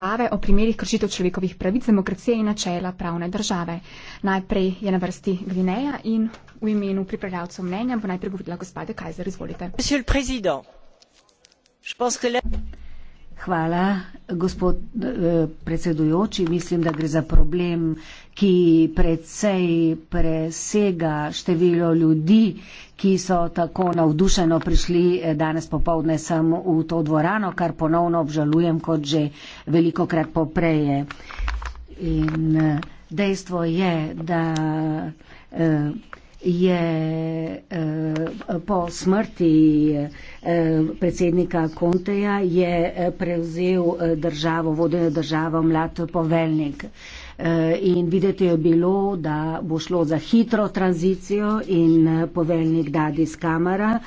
razprave o primerih kršitev človekovih pravic, demokracije in načela pravne države. Najprej je na vrsti Gvineja in v imenu pripravljavcev mnenja bo najprej govorila gospod Kajzer. Izvolite. Gospod predsednik, mislim, da. Hvala, gospod eh, predsedujoči. Mislim, da gre za problem, ki predvsej presega število ljudi, ki so tako navdušeno prišli eh, danes popovdne sem v to dvorano, kar ponovno obžalujem, kot že veliko krat popreje. In eh, dejstvo je, da je eh, po smrti eh, predsednika Konteja je eh, prevzel državo, vodeno državo mlad poveljnik. In videti je bilo, da bo šlo za hitro tranzicijo in poveljnik Dadis Kamara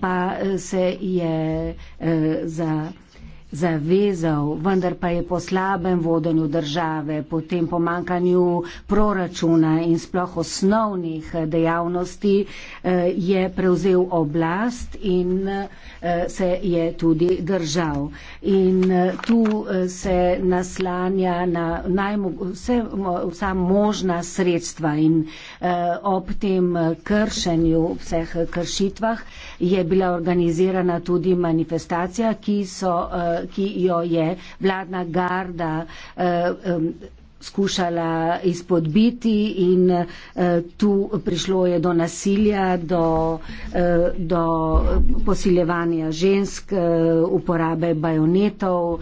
pa se je za zavezal, vendar pa je po slabem vodenju države, po tem pomankanju proračuna in sploh osnovnih eh, dejavnosti, eh, je prevzel oblast in eh, se je tudi držal. In tu se naslanja na vse, vsa možna sredstva in ob tem kršenju, vseh kršitvah, je bila organizirana tudi manifestacija, ki so ki jo je vladna garda eh, skušala izpodbiti in eh, tu prišlo je do nasilja, do, eh, do posiljevanja žensk, uporabe bajonetov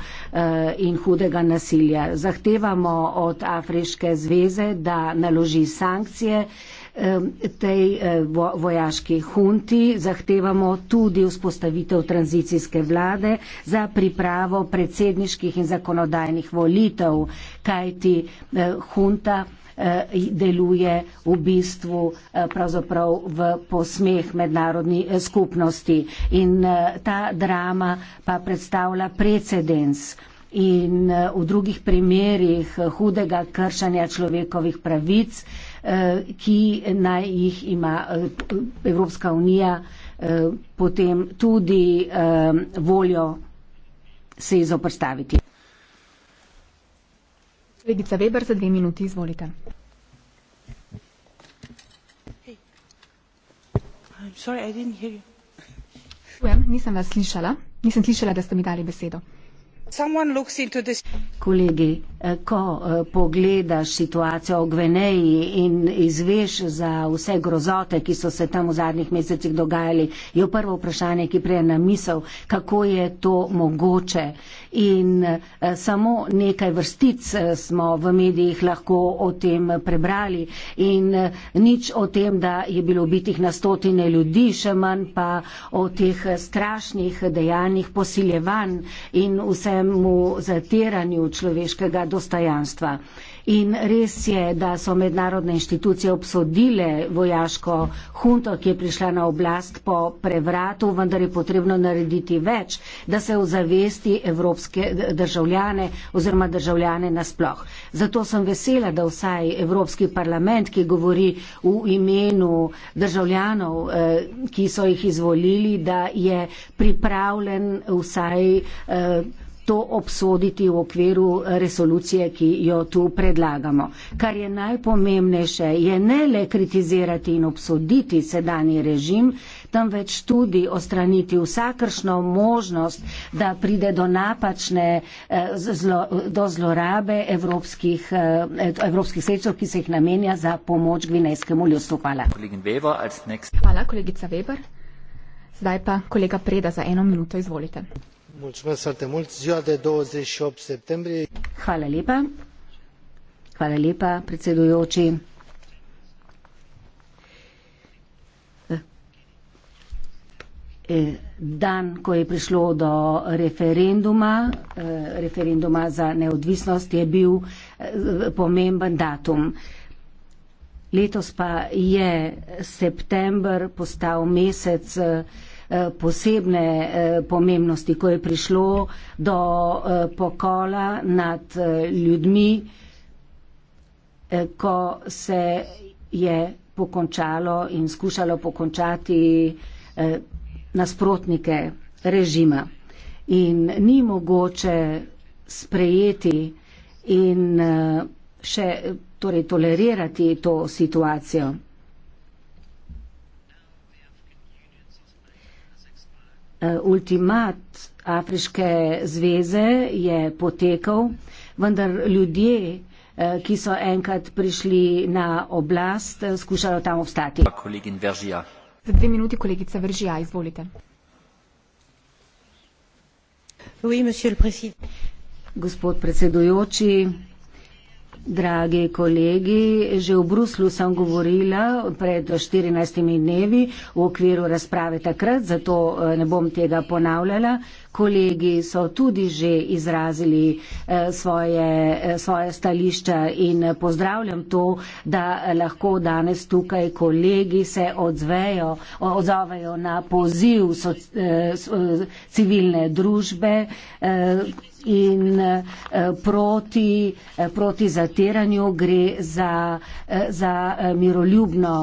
in hudega nasilja. Zahtevamo od Afriške zveze, da naloži sankcije tej eh, vojaški hunti zahtevamo tudi vzpostavitev tranzicijske vlade za pripravo predsedniških in zakonodajnih volitev, kajti eh, hunta eh, deluje v bistvu pravzaprav v posmeh mednarodni skupnosti. In ta drama pa predstavlja precedens in v drugih primerjih hudega kršanja človekovih pravic Eh, ki naj jih ima eh, Evropska unija eh, potem tudi voljo se izoprstaviti. Kolegica Weber, za dve minuti izvolite. Sorry, Ujem, nisem vas slišala, nisem slišala, da ste mi dali besedo. Kolegi, eh, ko eh, pogledaš situacijo v Gveneji in izveš za vse grozote, ki so se tam v zadnjih mesecih dogajali, je prvo vprašanje, ki prije na misel, kako je to mogoče. In eh, samo nekaj vrstic smo v medijih lahko o tem prebrali in nič o tem, da je bilo ubitih na stotine ljudi, še manj pa o teh strašnih dejanjih posiljevanj in vsem temu zatiranju človeškega dostajanstva. In res je, da so mednarodne inštitucije obsodile vojaško hunto, ki je prišla na oblast po prevratu, vendar je potrebno narediti več, da se ozavesti evropske državljane oziroma državljane nasploh. Zato sem vesela, da vsaj Evropski parlament, ki govori v imenu državljanov, eh, ki so jih izvolili, da je pripravljen vsaj. Eh, to obsoditi v okviru resolucije, ki jo tu predlagamo. Kar je najpomembnejše, je ne le kritizirati in obsoditi sedanji režim, temveč tudi ostraniti vsakršno možnost, da pride do napačne, eh, zlo, do zlorabe evropskih, eh, eh, evropskih sredstev, ki se jih namenja za pomoč gvinejskemu ljudstvu. Hvala. Hvala, kolegica Weber. Zdaj pa kolega Preda za eno minuto, izvolite. Ziua de 28 septembrie. Hvala lepa. Hvala lepa, predsedujoči. Eh, eh, dan, ko je prišlo do referenduma, eh, referenduma za neodvisnost, je bil pomemben datum. Letos pa je september postal mesec Eh, posebne eh, pomembnosti, ko je prišlo do eh, pokola nad ljudmi, ko se je pokončalo in skušalo pokončati nasprotnike režima. In ni mogoče sprejeti in še torej, tolerirati to situacijo. Eh, ultimat Afriške zveze je potekal, vendar ljudje, eh, ki so enkrat prišli na oblast, eh, skušajo tam obstati. Za dve minuti, kolegica Veržija, izvolite. Oui, gospod predsedujoči, Dragi kolegi, že v Bruslu sem govorila pred 14 dnevi v okviru razprave takrat, zato eh, ne bom tega ponavljala kolegi so tudi že izrazili eh, svoje, eh, svoje stališča in pozdravljam to, da lahko danes tukaj kolegi se odzvejo, odzovejo na poziv so, eh, civilne družbe in proti, proti zatiranju gre za, za miroljubno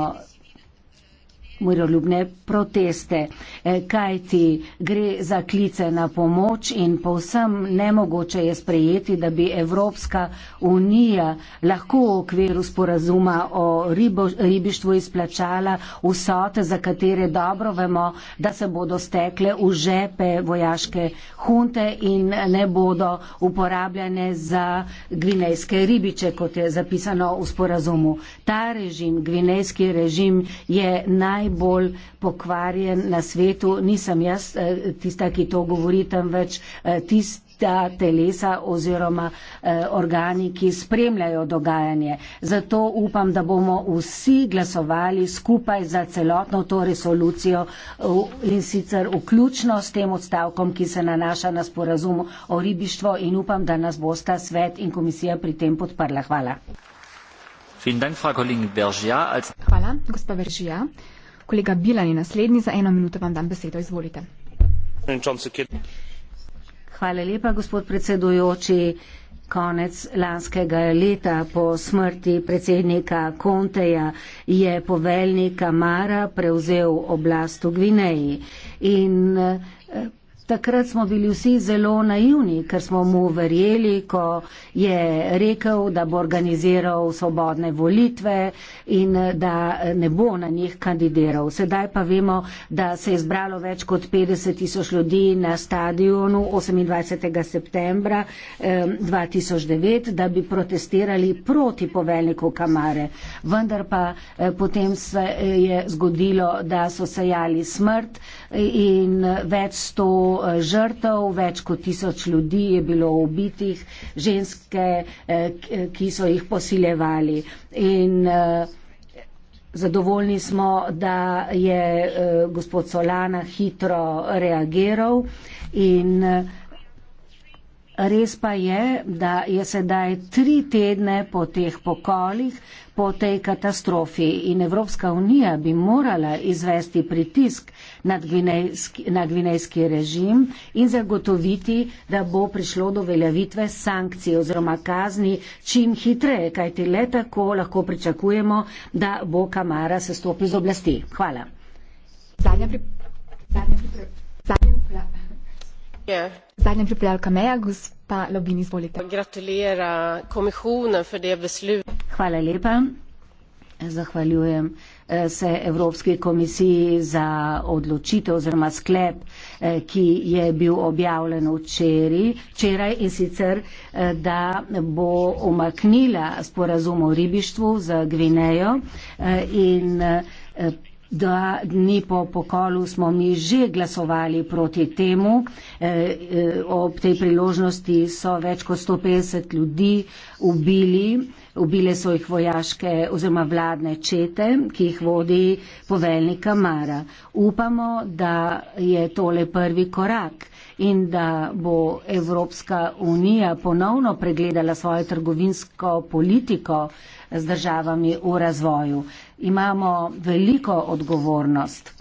miroljubne proteste, e, kajti gre za klice na pomoč in povsem nemogoče je sprejeti, da bi Evropska unija lahko v okviru sporazuma o ribo, ribištvu izplačala vsote, za katere dobro vemo, da se bodo stekle v žepe vojaške hunte in ne bodo uporabljene za gvinejske ribiče, kot je zapisano v sporazumu. Ta režim, gvinejski režim, je najbolj najbolj pokvarjen na svetu, nisem jaz eh, tista, ki to govori, temveč eh, tisti ta telesa oziroma eh, organi, ki spremljajo dogajanje. Zato upam, da bomo vsi glasovali skupaj za celotno to resolucijo in sicer vključno s tem odstavkom, ki se nanaša na sporazum o ribištvo in upam, da nas bosta svet in komisija pri tem podprla. Hvala. Dank, Hvala, gospa Veržija. Kolega Bilan je naslednji, za eno minuto vam dam besedo, izvolite. Hvala lepa, gospod predsedujoči. Konec lanskega leta po smrti predsednika Konteja je poveljnik Amara prevzel oblast v Gvineji. In eh, Takrat smo bili vsi zelo naivni, ker smo mu verjeli, ko je rekel, da bo organiziral svobodne volitve in da ne bo na njih kandidiral. Sedaj pa vemo, da se je zbralo več kot 50 tisoč ljudi na stadionu 28. septembra 2009, da bi protestirali proti poveljniku Kamare. Vendar pa eh, potem se eh, je zgodilo, da so sejali smrt eh, in več sto Eh, žrtev, več kot tisoč ljudi je bilo ubitih, ženske, eh, eh, ki so jih posiljevali. In zadovoljni smo, da je gospod Solana hitro reagiral in Res pa je, da je sedaj tri tedne po teh pokolih, po tej katastrofi in Evropska unija bi morala izvesti pritisk na gvinejski, na gvinejski režim in zagotoviti, da bo prišlo do veljavitve sankcij oziroma kazni čim hitreje, kajti le tako lahko pričakujemo, da bo Kamara se stopil z oblasti. Hvala. Zadnja pri... Zadnja pri... Zadnja pripravka meja, gospa Lobin, izvolite. Gratulira komisijo, ker je besluh. Hvala lepa. Zahvaljujem eh, se Evropski komisiji za odločitev oziroma sklep, eh, ki je bil objavljen včeraj in sicer, eh, da bo omaknila sporazum o ribištvu za Gvinejo in Dva dni po pokolu smo mi že glasovali proti temu. E, e, ob tej priložnosti so več kot 150 ljudi ubili. Ubile so jih vojaške oziroma vladne čete, ki jih vodi poveljnik Mara. Upamo, da je tole prvi korak in da bo Evropska unija ponovno pregledala svojo trgovinsko politiko z državami v razvoju imamo veliko odgovornost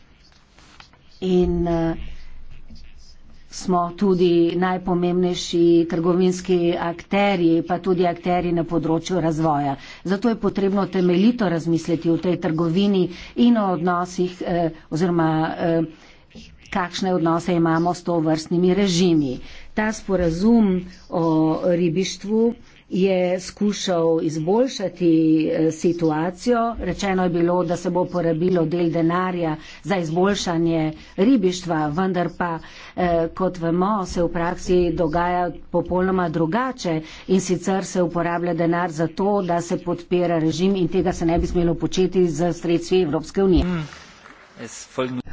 in eh, smo tudi najpomembnejši trgovinski akteri, pa tudi akteri na področju razvoja. Zato je potrebno temeljito razmisliti o tej trgovini in o odnosih eh, oziroma eh, kakšne odnose imamo s to vrstnimi režimi. Ta sporazum o ribištvu je skušal izboljšati eh, situacijo. Rečeno je bilo, da se bo porabilo del denarja za izboljšanje ribištva, vendar pa, eh, kot vemo, se v praksi dogaja popolnoma drugače in sicer se uporablja denar za to, da se podpira režim in tega se ne bi smelo početi z sredstvi Evropske unije. Mm.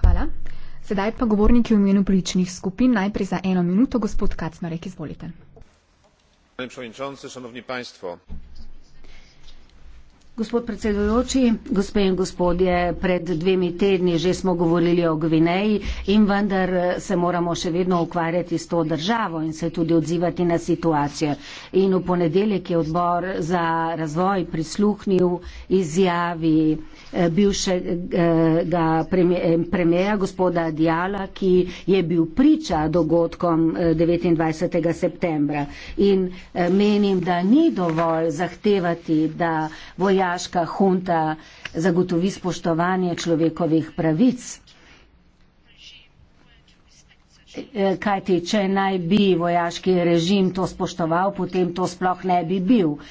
Hvala. Sedaj pa govorniki v imenu političnih skupin. Najprej za eno minuto, gospod Kacmarek, izvolite panie przewodniczący szanowni państwo! Gospod predsedujoči, gospe in gospodje, pred dvemi tedni že smo govorili o Gvineji in vendar se moramo še vedno ukvarjati s to državo in se tudi odzivati na situacijo. In v ponedeljek je odbor za razvoj prisluhnil izjavi eh, bivšega eh, premjera gospoda Diala, ki je bil priča dogodkom 29. Eh, septembra. In menim, da ni dovolj zahtevati, da vojaki vojaška hunta zagotovi spoštovanje človekovih pravic. E, kajti, če naj bi vojaški režim to spoštoval, potem to sploh ne bi bil e,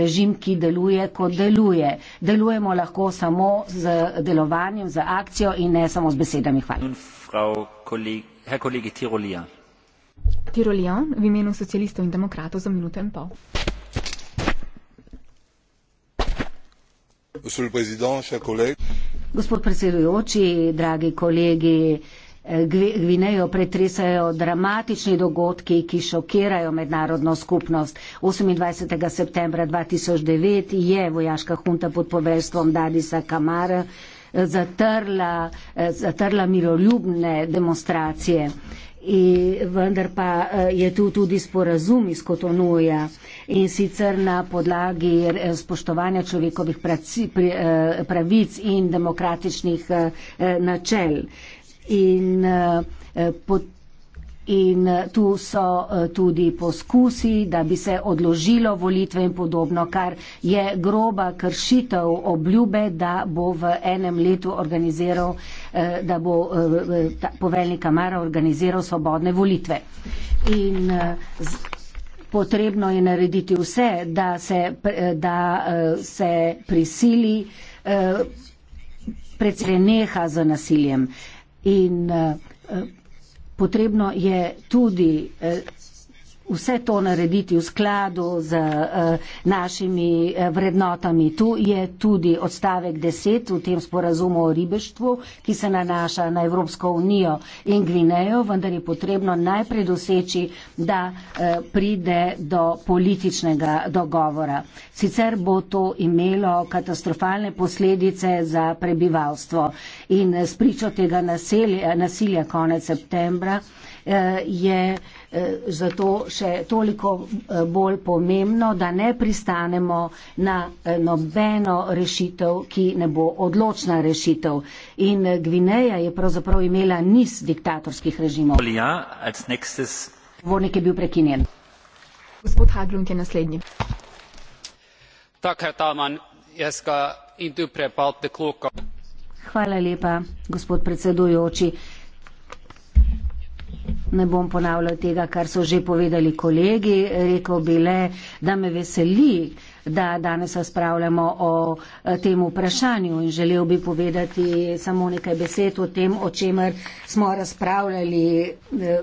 režim, ki deluje, kot deluje. Delujemo lahko samo z delovanjem, z akcijo in ne samo z besedami. Hvala. Gospod predsedujoči, dragi kolegi, eh, Gvinejo pretresajo dramatični dogodki, ki šokirajo mednarodno skupnost. 28. septembra 2009 je vojaška hunta pod poveljstvom Dadisa Kamara eh, zatrla, eh, zatrla miroljubne demonstracije. In e vendar pa e, je tu tudi sporazum iz Kotonoja in sicer na podlagi e, spoštovanja človekovih pravic in demokratičnih načel. In pot In eh, tu so eh, tudi poskusi, da bi se odložilo volitve in podobno, kar je groba kršitev obljube, da bo v enem letu organiziral, eh, da bo poveljnik Amara organiziral svobodne volitve. In potrebno je narediti vse, da se, da se prisili predsedneha z nasiljem. In, potrebno je tudi eh, vse to narediti v skladu z uh, našimi eh, vrednotami. Tu je tudi odstavek 10 v tem sporazumu o ribištvu, ki se nanaša na Evropsko unijo in Gvinejo, vendar je potrebno najprej doseči, da uh, pride do političnega dogovora. Sicer bo to imelo katastrofalne posledice za prebivalstvo in spričo tega nasilja, nasilja konec septembra uh, je Eh, zato še toliko eh, bolj pomembno, da ne pristanemo na eh, nobeno rešitev, ki ne bo odločna rešitev. In Gvineja je pravzaprav imela niz diktatorskih režimov. Vornik je bil prekinjen. Gospod Haglund je naslednji. Hvala lepa, gospod predsedujoči. Ne bom ponavljal tega, kar so že povedali kolegi. Rekel bi le, da me veseli, da danes razpravljamo o eh, tem vprašanju in želel bi povedati samo nekaj besed o tem, o čemer smo razpravljali eh,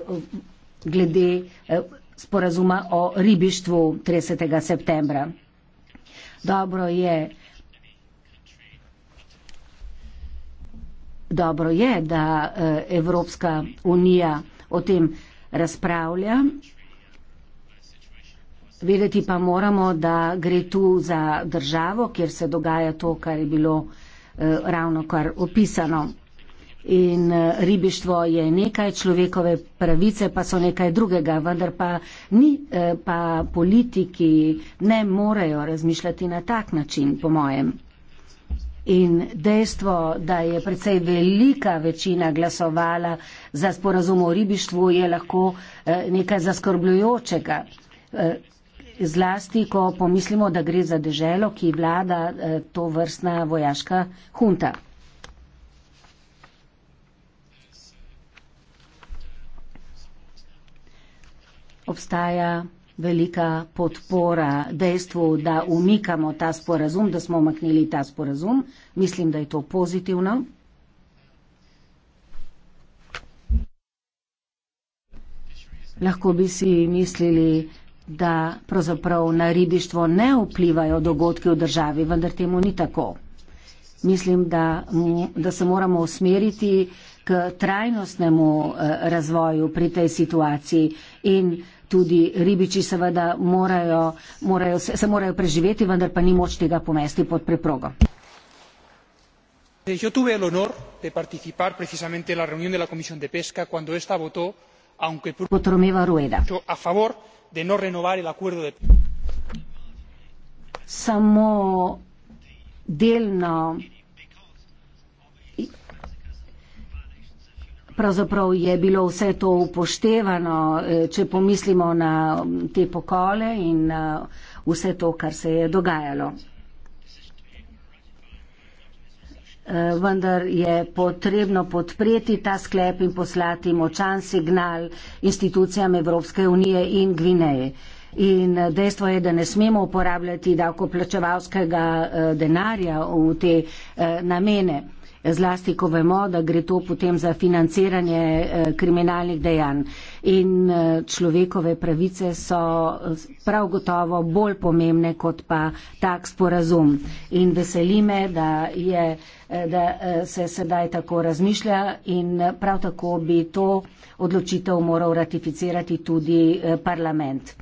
glede eh, sporazuma o ribištvu 30. septembra. Dobro je, dobro je da Evropska unija o tem razpravlja. Vedeti pa moramo, da gre tu za državo, kjer se dogaja to, kar je bilo eh, ravno kar opisano. In eh, ribištvo je nekaj, človekove pravice pa so nekaj drugega, vendar pa, ni, eh, pa politiki ne morejo razmišljati na tak način, po mojem. In dejstvo, da je predvsej velika večina glasovala za sporazum o ribištvu, je lahko eh, nekaj zaskrbljujočega. Eh, zlasti, ko pomislimo, da gre za deželo, ki vlada eh, to vrstna vojaška hunta. Obstaja velika podpora dejstvu, da umikamo ta sporazum, da smo omaknili ta sporazum. Mislim, da je to pozitivno. Lahko bi si mislili, da pravzaprav na ribištvo ne vplivajo dogodki v državi, vendar temu ni tako. Mislim, da, da se moramo usmeriti k trajnostnemu eh, razvoju pri tej situaciji in tudi ribiči seveda morajo, morajo se, se morajo preživeti, vendar pa ni moč tega pomesti pod preprogo. Yo tuve el honor de participar precisamente en la reunión de la Comisión de Pesca cuando esta votó, aunque Rueda. a favor de no renovar el acuerdo de pesca. Pravzaprav je bilo vse to upoštevano, eh, če pomislimo na te pokole in eh, vse to, kar se je dogajalo. Eh, vendar je potrebno podpreti ta sklep in poslati močan signal institucijam Evropske unije in Gvineje. In dejstvo je, da ne smemo uporabljati davkoplačevalskega denarja v te namene zlasti ko vemo, da gre to potem za financiranje eh, kriminalnih dejanj. In eh, človekove pravice so eh, prav gotovo bolj pomembne kot pa tak sporazum. In veseli me, da, je, da se sedaj tako razmišlja in prav tako bi to odločitev moral ratificirati tudi parlament.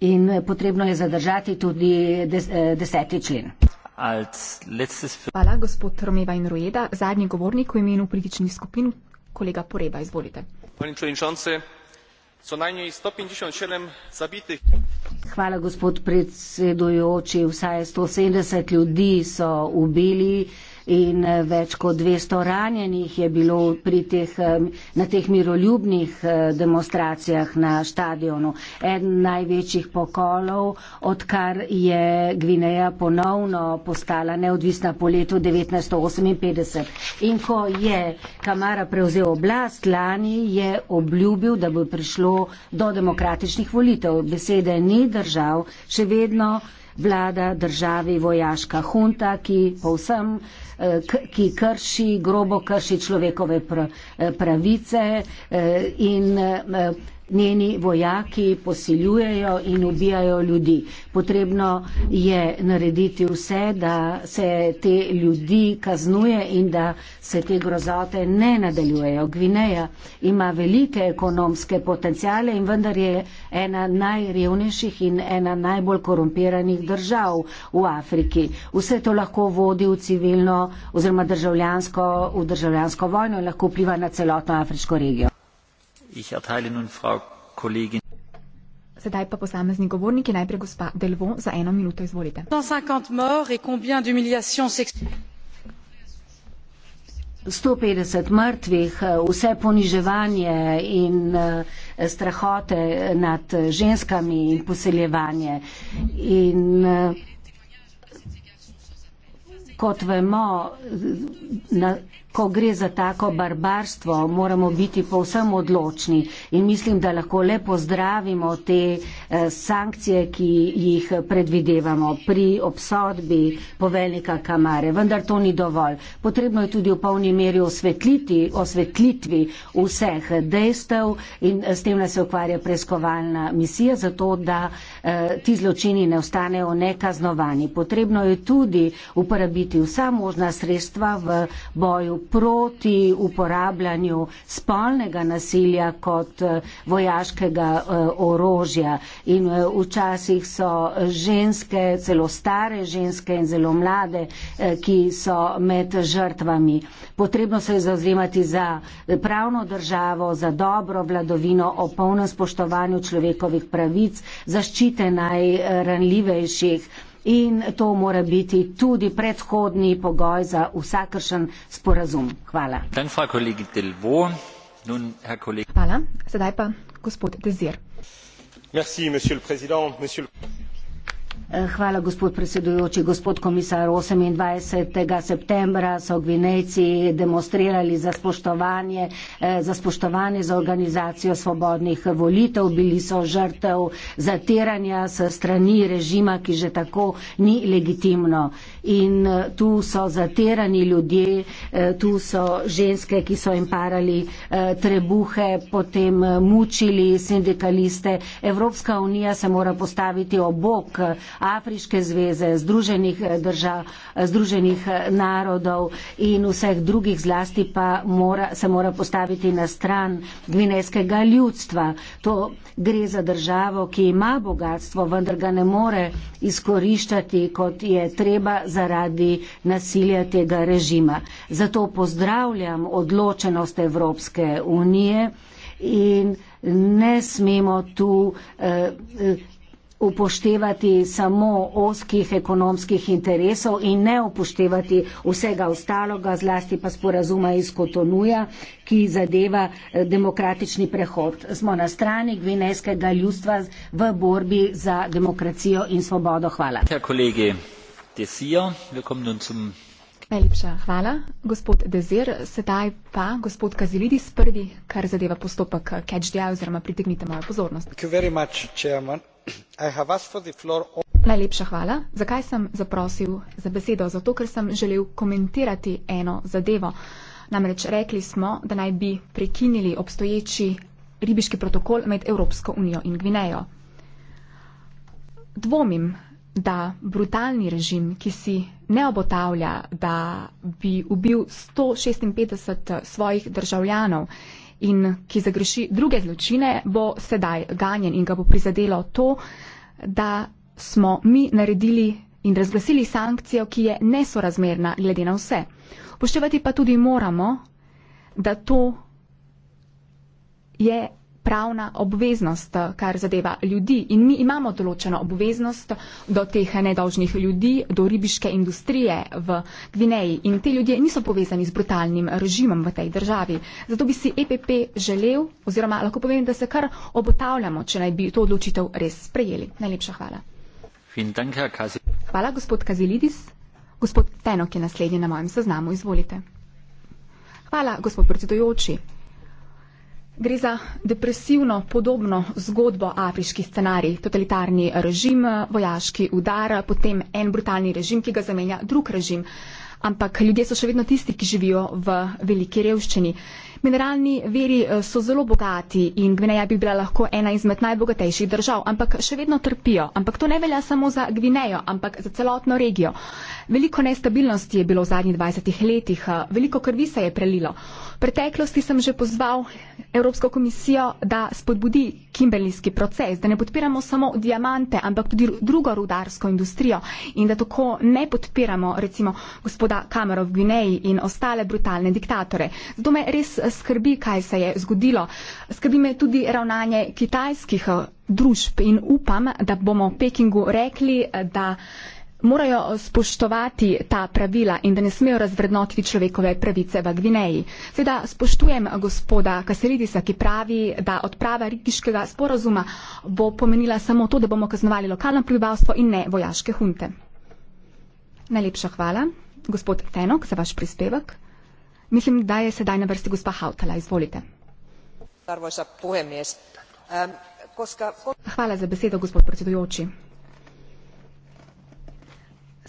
In potrebno je zadržati tudi deseti člen. Hvala, gospod Romeva in Rueda. Zadnji govornik v imenu političnih skupin, kolega Poreba, izvolite. Hvala, gospod predsedujoči. Vsaj 170 ljudi so ubili in eh, več kot 200 ranjenih je bilo teh, eh, na teh miroljubnih eh, demonstracijah na stadionu. Eden največjih pokolov, odkar je Gvineja ponovno postala neodvisna po letu 1958. In ko je Kamara prevzel oblast lani, je obljubil, da bo prišlo do demokratičnih volitev. Besede ni držav, še vedno vlada državi vojaška hunta, ki povsem ki krši, grobo krši človekove eh, pravice eh, in eh, njeni vojaki posiljujejo in ubijajo ljudi. Potrebno je narediti vse, da se te ljudi kaznuje in da se te grozote ne nadaljujejo. Gvineja ima velike ekonomske potencijale in vendar je ena najrevnejših in ena najbolj korumpiranih držav v Afriki. Vse to lahko vodi v civilno oziroma državljansko, v državljansko vojno in lahko vpliva na celotno afriško regijo. Sedaj pa posamezni govorniki, najprej gospa Delvo, za eno minuto izvolite. Sto petdeset mrtvih, vse poniževanje in strahote nad ženskami in poseljevanje. In, kot vemo, na, ko gre za tako barbarstvo, moramo biti povsem odločni in mislim, da lahko le pozdravimo te eh, sankcije, ki jih predvidevamo pri obsodbi poveljnika Kamare. Vendar to ni dovolj. Potrebno je tudi v polni meri osvetliti, osvetlitvi vseh dejstev in eh, s tem nas se ukvarja preiskovalna misija, zato da eh, ti zločini ne ostanejo nekaznovani. Potrebno je tudi uporabiti uporabiti vsa možna sredstva v boju proti uporabljanju spolnega nasilja kot eh, vojaškega eh, orožja. In eh, včasih so ženske, celo stare ženske in zelo mlade, ki so med žrtvami. Potrebno se je zauzemati za pravno državo, za dobro vladovino, o polnem spoštovanju človekovih pravic, zaščite najranljivejših in to mora biti tudi predhodni pogoj za vsakršen sporazum. Hvala. Hvala. Sedaj pa gospod Dezir. Merci, monsieur le président, monsieur le... Eh, hvala, gospod predsedujoči. Gospod komisar, 28. septembra so Gvinejci demonstrirali za spoštovanje, eh, za spoštovanje za organizacijo svobodnih volitev. Bili so žrtev zatiranja s strani režima, ki že tako ni legitimno. In eh, tu so zatirani ljudje, tu so ženske, ki so jim parali trebuhe, potem mučili sindikaliste. Evropska unija se mora postaviti obok Afriške zveze, Združenih držav, Združenih narodov in vseh drugih zlasti pa mora, se mora postaviti na stran gvinejskega ljudstva. To gre za državo, ki ima bogatstvo, vendar ga ne more izkoriščati, kot je treba zaradi nasilja tega režima. Zato pozdravljam odločenost Evropske unije in ne smemo tu eh, upoštevati samo oskih ekonomskih interesov in ne upoštevati vsega ostaloga, zlasti pa sporazuma iz Kotonuja, ki zadeva eh, demokratični prehod. Smo na strani gvinejskega ljudstva v borbi za demokracijo in svobodo. Hvala. Ja, kolegi, desijo, Najlepša hvala, gospod Dezir. Sedaj pa gospod Kazilidis prvi, kar zadeva postopek CatchDI oziroma pritegnite mojo pozornost. Najlepša hvala. Zakaj sem zaprosil za besedo? Zato, ker sem želel komentirati eno zadevo. Namreč rekli smo, da naj bi prekinili obstoječi ribiški protokol med Evropsko unijo in Gvinejo. Dvomim, da brutalni režim, ki si ne obotavlja, da bi ubil 156 eh, svojih državljanov in ki zagreši druge zločine, bo sedaj ganjen in ga bo prizadelo to, da smo mi naredili in razglasili sankcijo, ki je nesorazmerna glede na vse. Upoštevati pa tudi moramo, da to je pravna obveznost, kar zadeva ljudi. In mi imamo določeno obveznost do teh nedolžnih ljudi, do ribiške industrije v Gvineji. In te ljudje niso povezani z brutalnim režimom v tej državi. Zato bi si EPP želel, oziroma lahko povem, da se kar obotavljamo, če naj bi to odločitev res sprejeli. Najlepša hvala. Hvala, gospod Kazilidis. Gospod Tenok je naslednji na mojem seznamu. Izvolite. Hvala, gospod predsedujoči. Gre za depresivno podobno zgodbo afriški scenarij, totalitarni režim, vojaški udar, potem en brutalni režim, ki ga zamenja drug režim. Ampak ljudje so še vedno tisti, ki živijo v veliki revščini. Mineralni veri eh, so zelo bogati in Gvineja bi bila lahko ena izmed najbogatejših držav, ampak še vedno trpijo. Ampak to ne velja samo za Gvinejo, ampak za celotno regijo. Veliko nestabilnosti je bilo v zadnjih 20 letih, eh, veliko krvi se je prelilo. V preteklosti sem že pozval Evropsko komisijo, da spodbudi kimberlijski proces, da ne podpiramo samo diamante, ampak tudi drugo rudarsko industrijo in da tako ne podpiramo recimo gospoda Kamerov v Gvineji in ostale brutalne diktatore. Zato me res skrbi, kaj se je zgodilo. Skrbi me tudi ravnanje kitajskih eh, družb in upam, da bomo Pekingu rekli, eh, da morajo spoštovati ta pravila in da ne smejo razvrednotiti človekove pravice v Gvineji. Seveda spoštujem gospoda Kaselidisa, ki pravi, da odprava rikiškega sporazuma bo pomenila samo to, da bomo kaznovali lokalno prebivalstvo in ne vojaške hunte. Najlepša hvala, gospod Fenok, za vaš prispevek. Mislim, da je sedaj na vrsti gospa Hautala. Izvolite. Ähm, Hvala za besedo, gospod predsedujoči.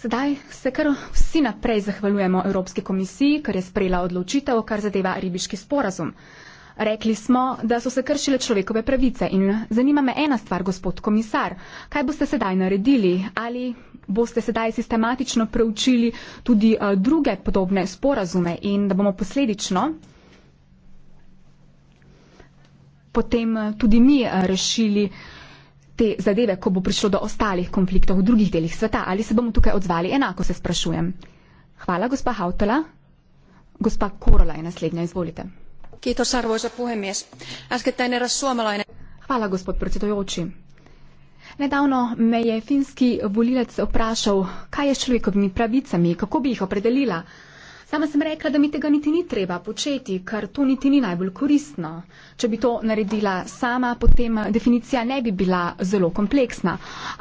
Sedaj se kar vsi naprej zahvaljujemo Evropski komisiji, ker je sprejela odločitev, kar zadeva ribiški sporazum. Rekli smo, da so se kršile človekove pravice in zanima me ena stvar, gospod komisar. Kaj boste sedaj naredili? Ali boste sedaj sistematično preučili tudi eh, druge podobne sporazume in da bomo posledično potem eh, tudi mi eh, rešili te zadeve, ko bo prišlo do ostalih konfliktov v drugih delih sveta? Ali se bomo tukaj odzvali enako, se sprašujem. Hvala, gospa Hautela. Gospa Korola je naslednja, izvolite arvoisa puhemies äskettäin eräs suomalainen Fala, gospod predsedujoči. Nedavno me je finski volilec vprašal, kaj je človekovimi pravicami, kako bi jih opredelila. Sama sem rekla, da mi tega niti ni treba početi, ker to niti ni najbolj koristno. Če bi to naredila sama, potem definicija ne bi bila zelo kompleksna.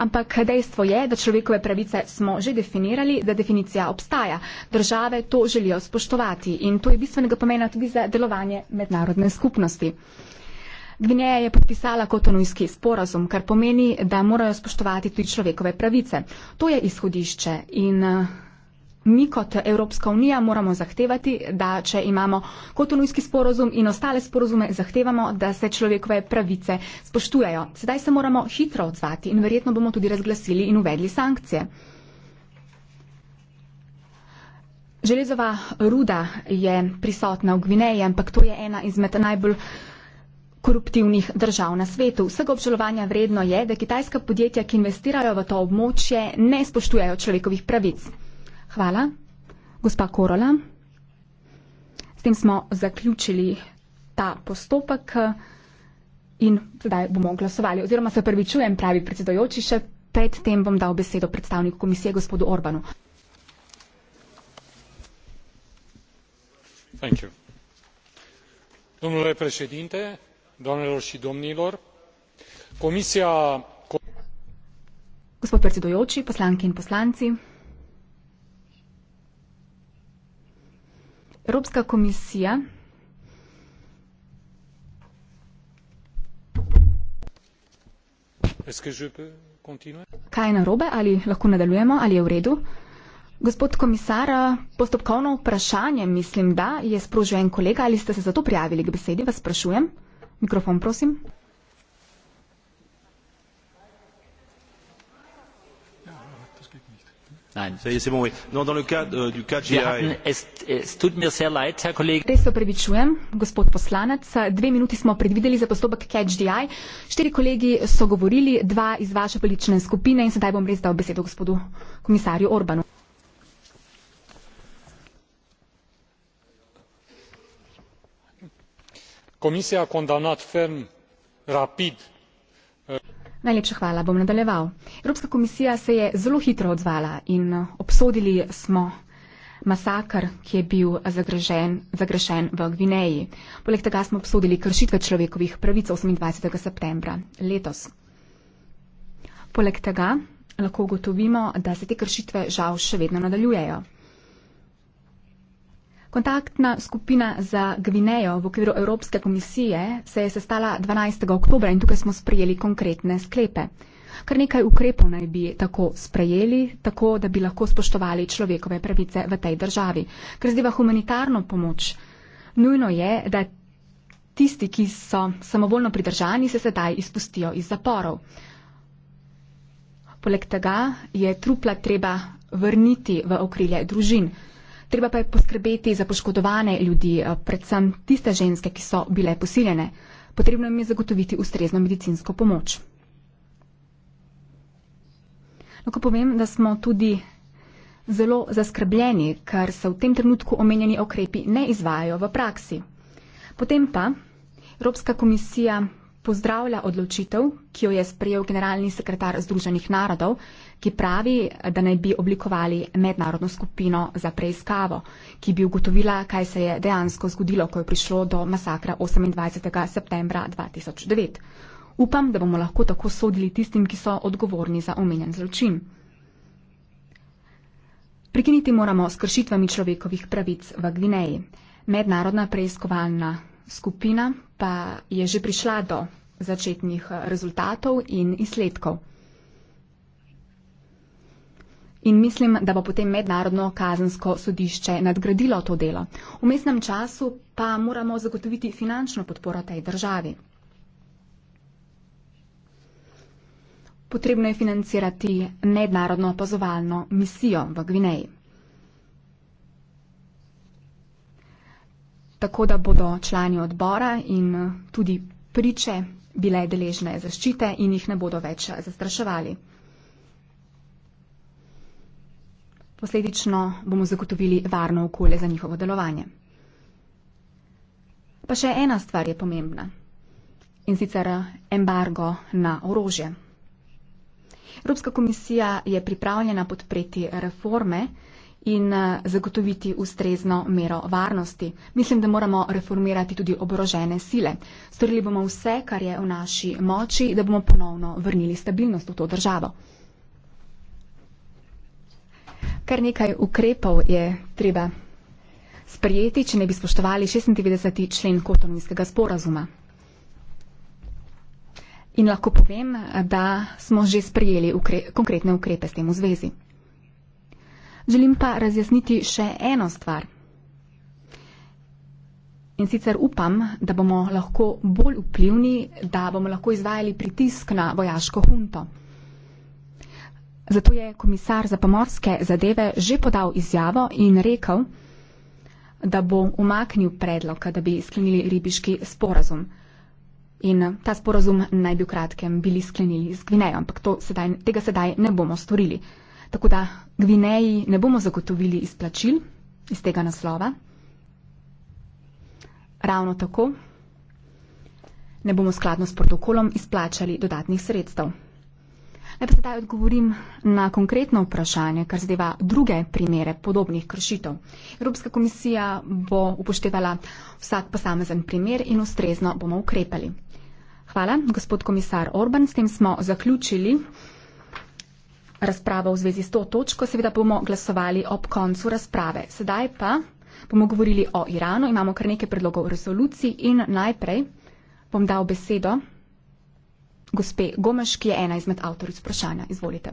Ampak dejstvo je, da človekove pravice smo že definirali, da definicija obstaja. Države to želijo spoštovati in to je bistvenega pomena tudi za delovanje mednarodne skupnosti. Gvineja je podpisala kotonujski sporazum, kar pomeni, da morajo spoštovati tudi človekove pravice. To je izhodišče in mi kot Evropska unija moramo zahtevati, da če imamo kotonujski sporozum in ostale sporozume, zahtevamo, da se človekove pravice spoštujajo. Sedaj se moramo hitro odzvati in verjetno bomo tudi razglasili in uvedli sankcije. Železova ruda je prisotna v Gvineji, ampak to je ena izmed najbolj koruptivnih držav na svetu. Vsega obžalovanja vredno je, da kitajska podjetja, ki investirajo v to območje, ne spoštujejo človekovih pravic. Hvala. Gospa Korola. S tem smo zaključili ta postopek in zdaj bomo glasovali. Oziroma se prvi čujem, pravi predsedojoči, še pred tem bom dal besedo predstavniku komisije, gospodu Orbanu. Domnule predsednik, domnilor in domnilor, komisija. Gospod predsedojoči, poslanke in poslanci. Evropska komisija Kaj je narobe? Ali lahko nadaljujemo? Ali je v redu? Gospod komisar, postopkovno vprašanje mislim, da je sprožil en kolega. Ali ste se zato prijavili k besedi? Vas sprašujem. Mikrofon, prosim. Nein. Sei, sei bon, oui. non, dans le cas euh, du cas GI. Hatten, es, es tut mir sehr leid, Herr Kollege. Res se opravičujem, gospod poslanec. Dve minuti smo predvideli za postopek Catch DI. Štiri kolegi so govorili, dva iz vaše politične skupine in sedaj bom res dal besedo gospodu komisarju Orbanu. Komisija je condamnat ferm, rapid. Uh, Najlepša hvala, bom nadaljeval. Evropska komisija se je zelo hitro odzvala in eh, obsodili smo masakr, ki je bil zagrežen, zagrešen v Gvineji. Poleg tega smo obsodili kršitve človekovih pravic 28. septembra letos. Poleg tega lahko ugotovimo, da se te kršitve žal še vedno nadaljujejo. Kontaktna skupina za Gvinejo v okviru Evropske komisije se je sestala 12. oktober in tukaj smo sprejeli konkretne sklepe. Kar nekaj ukrepov naj bi tako sprejeli, tako da bi lahko spoštovali človekove pravice v tej državi. Ker zdiva humanitarno pomoč, nujno je, da tisti, ki so samovoljno pridržani, se sedaj izpustijo iz zaporov. Poleg tega je trupla treba vrniti v okrilje družin. Treba pa je poskrbeti za poškodovane ljudi, eh, predvsem tiste ženske, ki so bile posiljene. Potrebno jim je zagotoviti ustrezno medicinsko pomoč. Lahko povem, da smo tudi zelo zaskrbljeni, ker se v tem trenutku omenjeni okrepi ne izvajajo v praksi. Potem pa Evropska komisija pozdravlja odločitev, ki jo je sprejel generalni sekretar Združenih narodov, ki pravi, da naj bi oblikovali mednarodno skupino za preiskavo, ki bi ugotovila, kaj se je dejansko zgodilo, ko je prišlo do masakra 28. septembra 2009. Upam, da bomo lahko tako sodili tistim, ki so odgovorni za omenjen zločin. Prekiniti moramo s kršitvami človekovih pravic v Gvineji. Mednarodna preiskovalna skupina pa je že prišla do začetnih rezultatov in izsledkov. In mislim, da bo potem mednarodno kazansko sodišče nadgradilo to delo. V mestnem času pa moramo zagotoviti finančno podporo tej državi. Potrebno je financirati mednarodno opazovalno misijo v Gvineji. Tako da bodo člani odbora in tudi priče bile deležne zaščite in jih ne bodo več zastraševali. Posledično bomo zagotovili varno okolje za njihovo delovanje. Pa še ena stvar je pomembna in sicer embargo na orožje. Evropska komisija je pripravljena podpreti reforme in eh, zagotoviti ustrezno mero varnosti. Mislim, da moramo reformirati tudi oborožene sile. Storili bomo vse, kar je v naši moči, da bomo ponovno vrnili stabilnost v to državo kar nekaj ukrepov je treba sprijeti, če ne bi spoštovali 96. člen kotonovskega sporazuma. In lahko povem, da smo že sprijeli ukre konkretne ukrepe s tem v zvezi. Želim pa razjasniti še eno stvar. In sicer upam, da bomo lahko bolj vplivni, da bomo lahko izvajali pritisk na vojaško hunto. Zato je komisar za pomorske zadeve že podal izjavo in rekel, da bo umaknil predlog, da bi sklenili ribiški sporazum. In ta sporazum naj bi v kratkem bili sklenili z Gvinejo, ampak to sedaj, tega sedaj ne bomo storili. Tako da Gvineji ne bomo zagotovili izplačil iz tega naslova. Ravno tako ne bomo skladno s protokolom izplačali dodatnih sredstev. Naj pa sedaj odgovorim na konkretno vprašanje, kar zadeva druge primere podobnih kršitev. Evropska komisija bo upoštevala vsak posamezen primer in ustrezno bomo ukrepali. Hvala, gospod komisar Orban. S tem smo zaključili razpravo v zvezi s to točko. Seveda bomo glasovali ob koncu razprave. Sedaj pa bomo govorili o Iranu. Imamo kar nekaj predlogov resolucij in najprej bom dal besedo gospe Gomeš, ki je ena izmed avtoric vprašanja. Izvolite.